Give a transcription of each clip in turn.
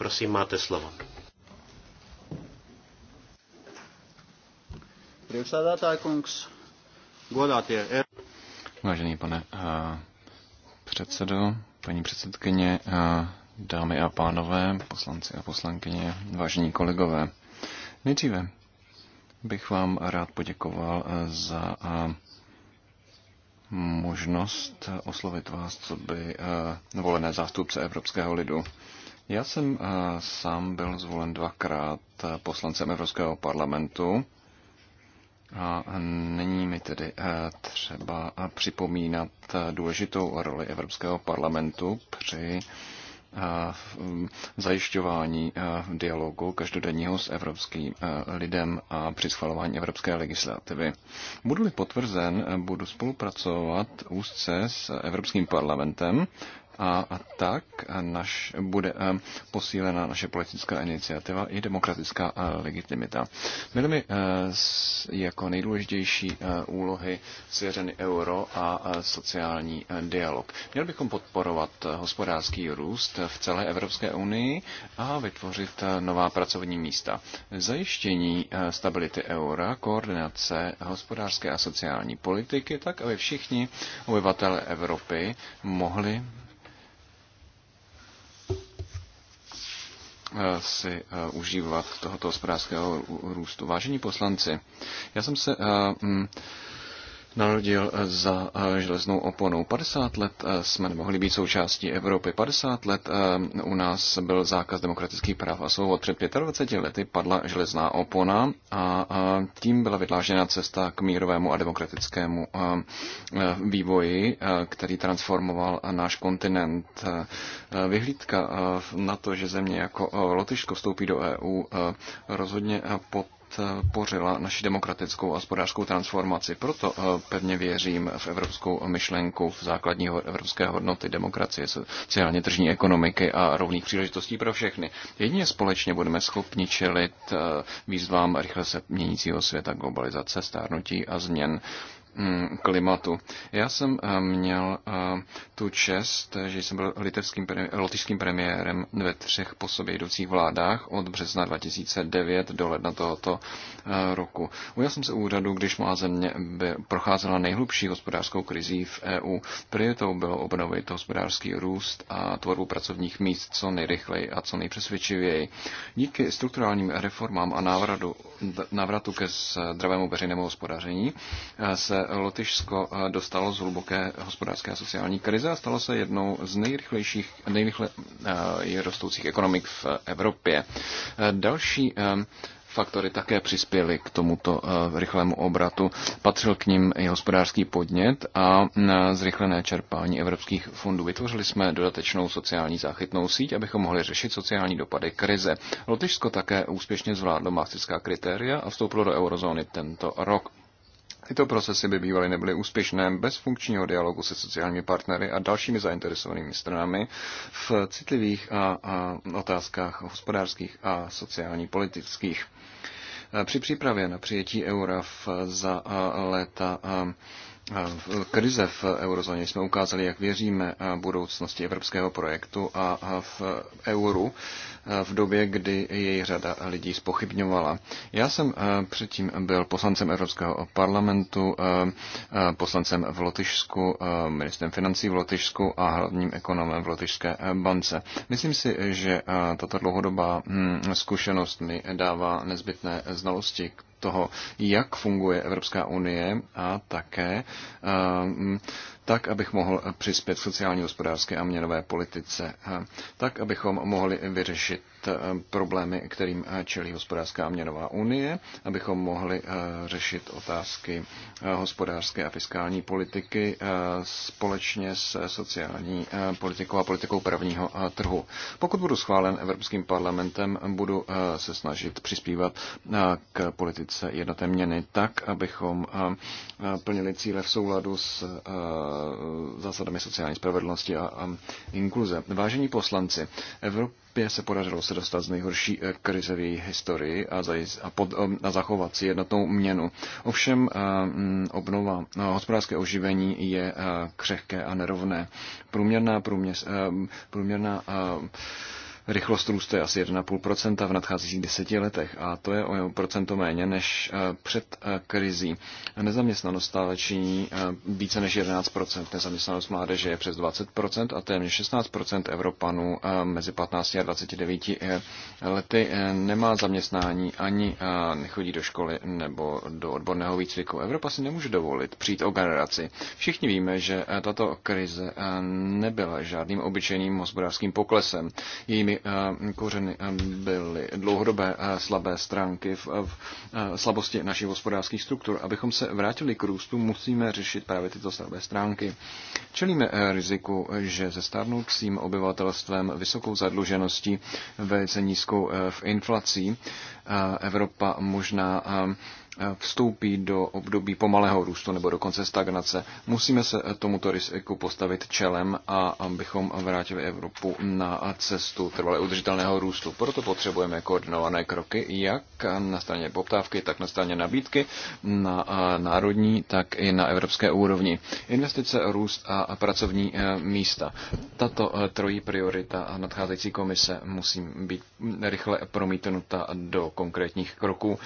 Prosím, máte slovo. E- Vážený pane eh, předsedo, paní předsedkyně, eh, dámy a pánové, poslanci a poslankyně, vážení kolegové. Nejdříve bych vám rád poděkoval eh, za možnost oslovit vás, co by volené zástupce Evropského lidu. Já jsem eh, sám byl zvolen dvakrát eh, poslancem Evropského parlamentu. A není mi tedy eh, třeba připomínat důležitou roli Evropského parlamentu při mm, zajišťování dialogu každodenního s evropským lidem a při schvalování evropské legislativy. Budu-li potvrzen, budu spolupracovat úzce s Evropským parlamentem a, a tak naš, bude eh, posílena naše politická iniciativa i demokratická eh, legitimita. Byly mi eh, jako nejdůležitější úlohy svěřeny euro a sociální dialog. Měli bychom podporovat hospodářský růst v celé Evropské unii a vytvořit nová pracovní místa. Zajištění stability eura, koordinace hospodářské a sociální politiky, tak aby všichni obyvatele Evropy mohli Eh, si eh, užívat tohoto hospodářského růstu. Vážení poslanci, já jsem se eh, mm, narodil za eh, železnou oponou. 50 let eh, jsme nemohli být součástí Evropy. 50 let eh, u nás byl zákaz demokratických práv a svobod. Před 25 lety padla železná opona a tím byla vydlážena cesta k mírovému a demokratickému vývoji, který transformoval náš kontinent. Vyhlídka na to, že země jako Lotyšsko vstoupí do EU, rozhodně pod podpořila eh, naši demokratickou a hospodářskou transformaci. Proto eh, pevně věřím v evropskou myšlenku, v základní evropské hodnoty demokracie, sociálně tržní ekonomiky a rovných příležitostí pro všechny. Jedině společně budeme schopni čelit eh, výzvám rychle se měnícího světa, globalizace, stárnutí a změn Mm, klimatu. Já jsem eh, měl eh, tu čest, že jsem byl litevským, lotyšským premiérem ve třech po sobě jdoucích vládách od března 2009 do ledna tohoto eh, roku. Ujel jsem se úřadu, když má země by procházela nejhlubší hospodářskou krizí v EU. Prioritou bylo obnovit hospodářský růst a tvorbu pracovních míst co nejrychleji a co nejpřesvědčivěji. Díky strukturálním reformám a návratu, návratu ke zdravému veřejnému hospodaření se Lotyšsko eh, dostalo z hluboké hospodářské a sociální krize a stalo se jednou z nejrychlejších, nejrychle eh, rostoucích ekonomik v Evropě. Eh, další faktory také přispěly k tomuto rychlému obratu. Patřil k ním i hospodářský podnět a zrychlené čerpání evropských fondů. Vytvořili jsme dodatečnou sociální záchytnou síť, abychom mohli řešit sociální dopady krize. Lotyšsko také úspěšně zvládlo mástická kritéria a vstoupilo do eurozóny tento rok. Tyto procesy by bývaly nebyly úspěšné bez funkčního dialogu se sociálními partnery a dalšími zainteresovanými stranami v citlivých a, a otázkách hospodářských a sociální politických. Při přípravě na přijetí eura v, za léta v krize v eurozóně jsme ukázali, jak věříme budoucnosti evropského projektu a v euru v době, kdy jej řada lidí spochybňovala. Já jsem eh, předtím byl poslancem Evropského parlamentu, eh, eh, poslancem v Lotyšsku, ministrem financí v Lotyšsku a hlavním ekonomem v Lotyšské bance. Myslím si, že tato dlouhodobá hm, zkušenost mi dává nezbytné znalosti k toho, jak funguje Evropská unie a také eh, tak, abych mohl přispět sociální, hospodářské a měnové politice, tak, abychom mohli vyřešit problémy, kterým čelí hospodářská a měnová unie, abychom mohli řešit otázky hospodářské a fiskální politiky společně s sociální politikou a politikou prvního trhu. Pokud budu schválen Evropským parlamentem, budu se snažit přispívat k politice jednoté měny tak, abychom plnili cíle v souladu s Eh, zásadami sociální spravedlnosti a, a inkluze. Vážení poslanci, Evropě se podařilo se dostat z nejhorší eh, krize v její historii a, zajiz, a, pod, eh, a zachovat si jednotnou měnu. Ovšem mm, obnova hospodářské oživení je křehké a nerovné. Průměrná, průměs, průměrná Rychlost růstu je asi 1,5% v nadcházejících deseti letech a to je o procento méně než eh, před eh, krizí. Nezaměstnanost stále činí eh, více než 11%, nezaměstnanost mládeže je přes 20% a téměř 16% Evropanů mezi 15 a 29 lety nemá zaměstnání ani nechodí do školy nebo do odborného výcviku. Evropa si nemůže dovolit přijít o generaci. Všichni víme, že tato krize nebyla žádným obyčejným hospodářským poklesem. Jejím jejími kořeny byly dlouhodobé slabé stránky v, v slabosti našich hospodářských struktur. Abychom se vrátili k růstu, musíme řešit právě tyto slabé stránky. Čelíme e, riziku, že se stárnoucím obyvatelstvem, vysokou zadlužeností, velice nízkou e, v inflací Evropa možná vstoupí do období pomalého růstu nebo dokonce stagnace. Musíme se tomuto riziku postavit čelem a abychom vrátili Evropu na cestu trvale udržitelného růstu. Proto potřebujeme koordinované kroky, jak na straně poptávky, tak na straně nabídky, na národní, tak i na evropské úrovni. Investice, růst a pracovní eh, místa. Tato eh, trojí priorita nadcházející komise musí být rychle promítnuta do konkrétních kroků.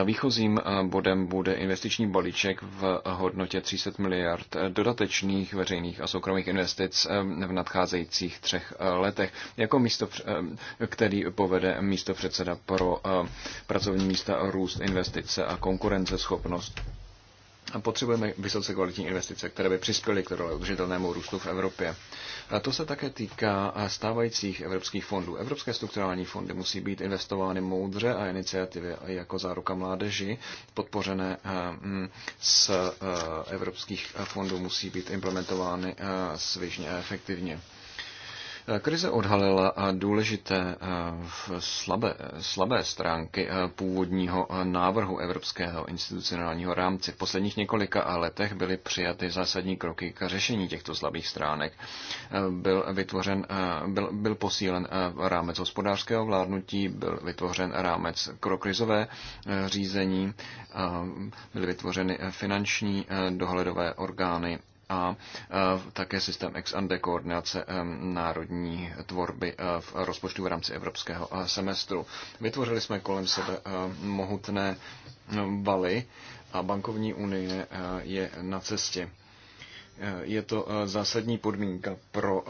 Eh, výchozím Dalším eh, bodem bude investiční balíček v hodnotě 300 miliard dodatečných veřejných a soukromých investic eh, v nadcházejících třech eh, letech, jako místo, který povede místo předseda pro pracovní místa, růst, investice a konkurenceschopnost potřebujeme vysoce kvalitní investice, které by přispěly k udržitelnému růstu v Evropě. A to se také týká stávajících evropských fondů. Evropské strukturální fondy musí být investovány moudře a iniciativy jako záruka mládeži, podpořené eh, mm, z eh, evropských fondů, musí být implementovány eh, svižně a efektivně. Krize odhalila eh, důležité eh, slabé, slabé stránky eh, původního návrhu Evropského institucionálního rámce. V posledních několika letech byly přijaty zásadní kroky k řešení těchto slabých stránek. Byl, vytvořen, byl, byl posílen rámec hospodářského vládnutí, byl vytvořen rámec pro krizové řízení, byly vytvořeny finanční dohledové orgány a také systém ex ante koordinace e, národní tvorby e, v rozpočtu v rámci evropského e, semestru. Vytvořili jsme kolem sebe mohutné valy a bankovní unie je na cestě. Je to zásadní podmínka pro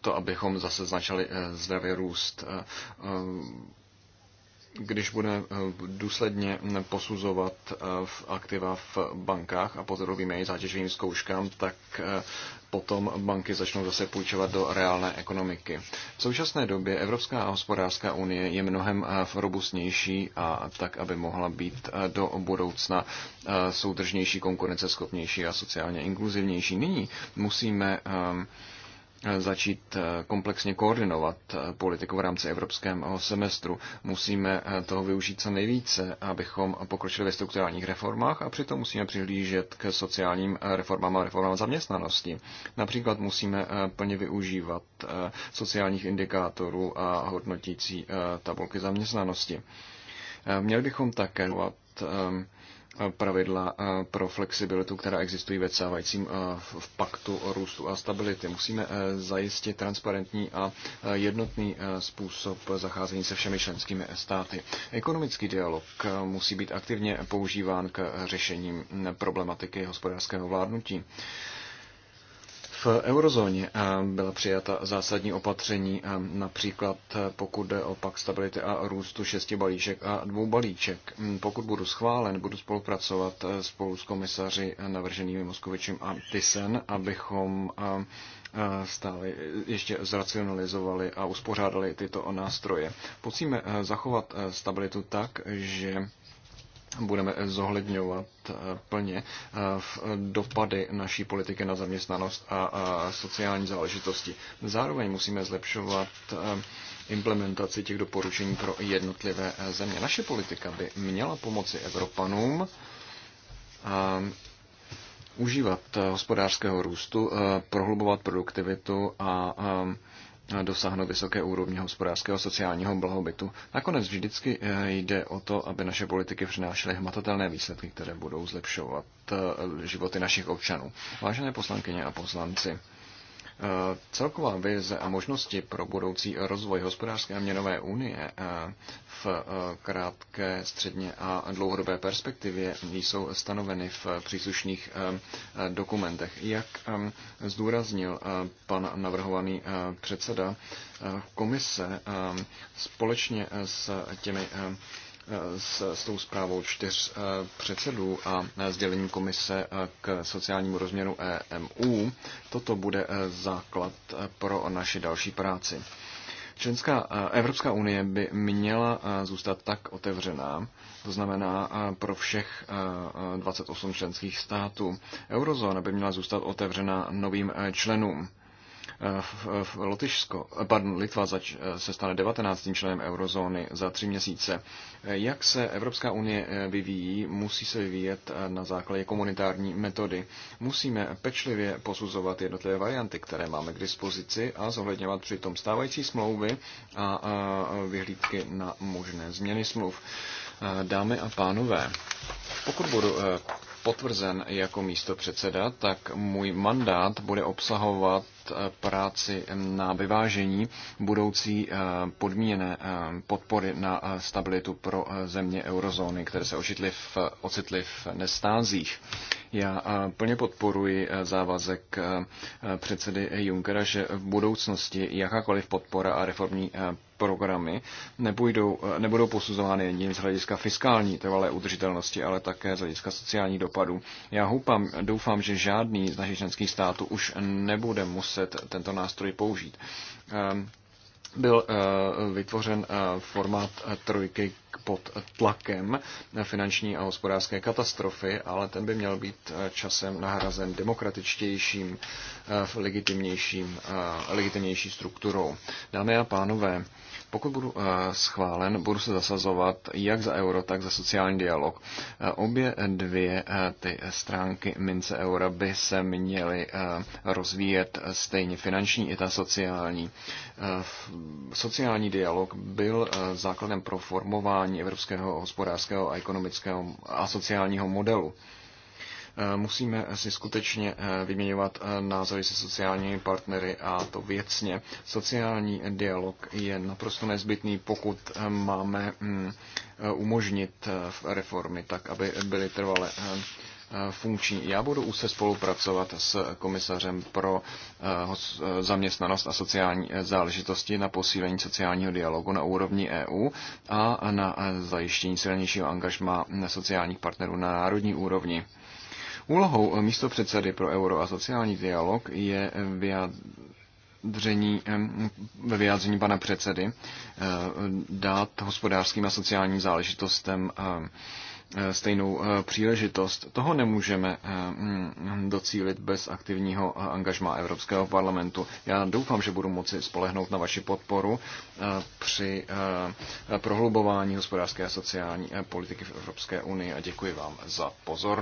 to, abychom zase začali zdravě růst když bude eh, důsledně posuzovat eh, v aktiva v bankách a podrobíme je zátěžovým zkouškám, tak eh, potom banky začnou zase půjčovat do reálné ekonomiky. V současné době Evropská hospodářská unie je mnohem robustnější a tak, aby mohla být do budoucna soudržnější, konkurenceschopnější a sociálně inkluzivnější. Nyní musíme Eh, začít eh, komplexně koordinovat eh, politiku v rámci evropského semestru. Musíme toho využít co nejvíce, abychom pokročili ve strukturálních reformách a přitom musíme přihlížet k sociálním reformám a reformám zaměstnanosti. Například musíme plně využívat sociálních indikátorů a hodnotící tabulky zaměstnanosti. Měli bychom také pravidla pro flexibilitu, která existují ve stávajícím v paktu o růstu a stability. Musíme e, zajistit transparentní a e, jednotný e, způsob zacházení se všemi členskými státy. Ekonomický dialog musí být aktivně používán k řešením problematiky hospodářského vládnutí. V eurozóně byla přijata zásadní opatření, například e, pokud jde o pak stability a růstu šesti balíček a dvou balíček. Mm, pokud budu schválen, budu spolupracovat e, spolu s komisaři navrženými Moskovičem a Tysen, abychom stále ještě zracionalizovali a uspořádali tyto nástroje. Musíme e, zachovat stabilitu tak, že budeme zohledňovat eh, plně eh, v eh, dopady naší politiky na zaměstnanost a sociální záležitosti. Zároveň musíme zlepšovat implementaci těch doporučení pro jednotlivé země. Naše politika by měla pomoci Evropanům užívat hospodářského růstu, prohlubovat produktivitu a dosáhnout vysoké úrovně hospodářského a sociálního blahobytu. Nakonec vždycky eh, jde o to, aby naše politiky přinášely hmatatelné výsledky, které budou zlepšovat eh, životy našich občanů. Vážené poslankyně a poslanci, Eh, celková vize a možnosti pro budoucí rozvoj hospodářské a měnové unie eh, v eh, krátké, středně a dlouhodobé perspektivě jsou stanoveny v příslušných dokumentech. Jak ehm, zdůraznil pan navrhovaný předseda komise ehm, společně s těmi ehm, s, s tou zprávou čtyř eh, předsedů a eh, sdělením komise eh, k sociálnímu rozměru EMU. Toto bude základ pro naši další práci. Členská Evropská unie by měla zůstat tak otevřená, to znamená pro všech 28 členských států. Eurozóna by měla zůstat otevřená novým členům. Eh, eh, Lotyšsko, eh, pardon, Litva zač, se stane 19. členem eurozóny za tři měsíce. Jak se Evropská unie vyvíjí, musí se vyvíjet na základě komunitární metody. Musíme pečlivě posuzovat jednotlivé varianty, které máme k dispozici a zohledňovat přitom stávající smlouvy a vyhlídky na možné změny smluv. Dámy a pánové, pokud budu potvrzen jako místo předseda, tak můj mandát bude obsahovat eh, práci na vyvážení budoucí eh, podmíněné eh, podpory na stabilitu pro země eurozóny, které se v, ocitly v nestázích. Já plně podporuji e, závazek e, e, předsedy Junckera, že v budoucnosti jakákoliv podpora a reformní programy nebudou, nebudou posuzovány jen z hlediska fiskální trvalé udržitelnosti, ale také z hlediska sociálních dopadů. Já houpám, doufám, že žádný z našich členských států už nebude muset tento nástroj použít. Ehm, byl eh, vytvořen eh, formát eh, trojky pod tlakem finanční a hospodářské katastrofy, ale ten by měl být časem nahrazen demokratičtějším, legitimnější strukturou. Dámy a pánové, pokud budu eh, schválen, budu se zasazovat jak za euro, tak za sociální dialog. Eh, obě eh, dvě ty stránky mince eura by se měly rozvíjet stejně finanční i ta sociální. Sociální dialog byl základem pro formování evropského hospodářského a ekonomického a sociálního modelu. Eh, musíme si skutečně eh, vyměňovat eh, názory se sociálními partnery a to věcně. Sociální dialog je naprosto nezbytný, pokud máme mm, umožnit reformy tak, aby byly trvale funkční. Já budu už se spolupracovat s komisařem pro zaměstnanost a sociální záležitosti na posílení sociálního dialogu na úrovni EU a na zajištění silnějšího angažma sociálních partnerů na národní úrovni. Úlohou eh, místo předsedy pro euro a sociální dialog je eh, vyjádření, ve vyjádření pana předsedy eh, dát hospodářským a sociálním záležitostem stejnou příležitost. Toho nemůžeme mm, docílit bez aktivního angažma Evropského parlamentu. Já doufám, že budu moci spolehnout na vaši podporu při prohlubování hospodářské a sociální politiky v Evropské unii a děkuji vám za pozornost.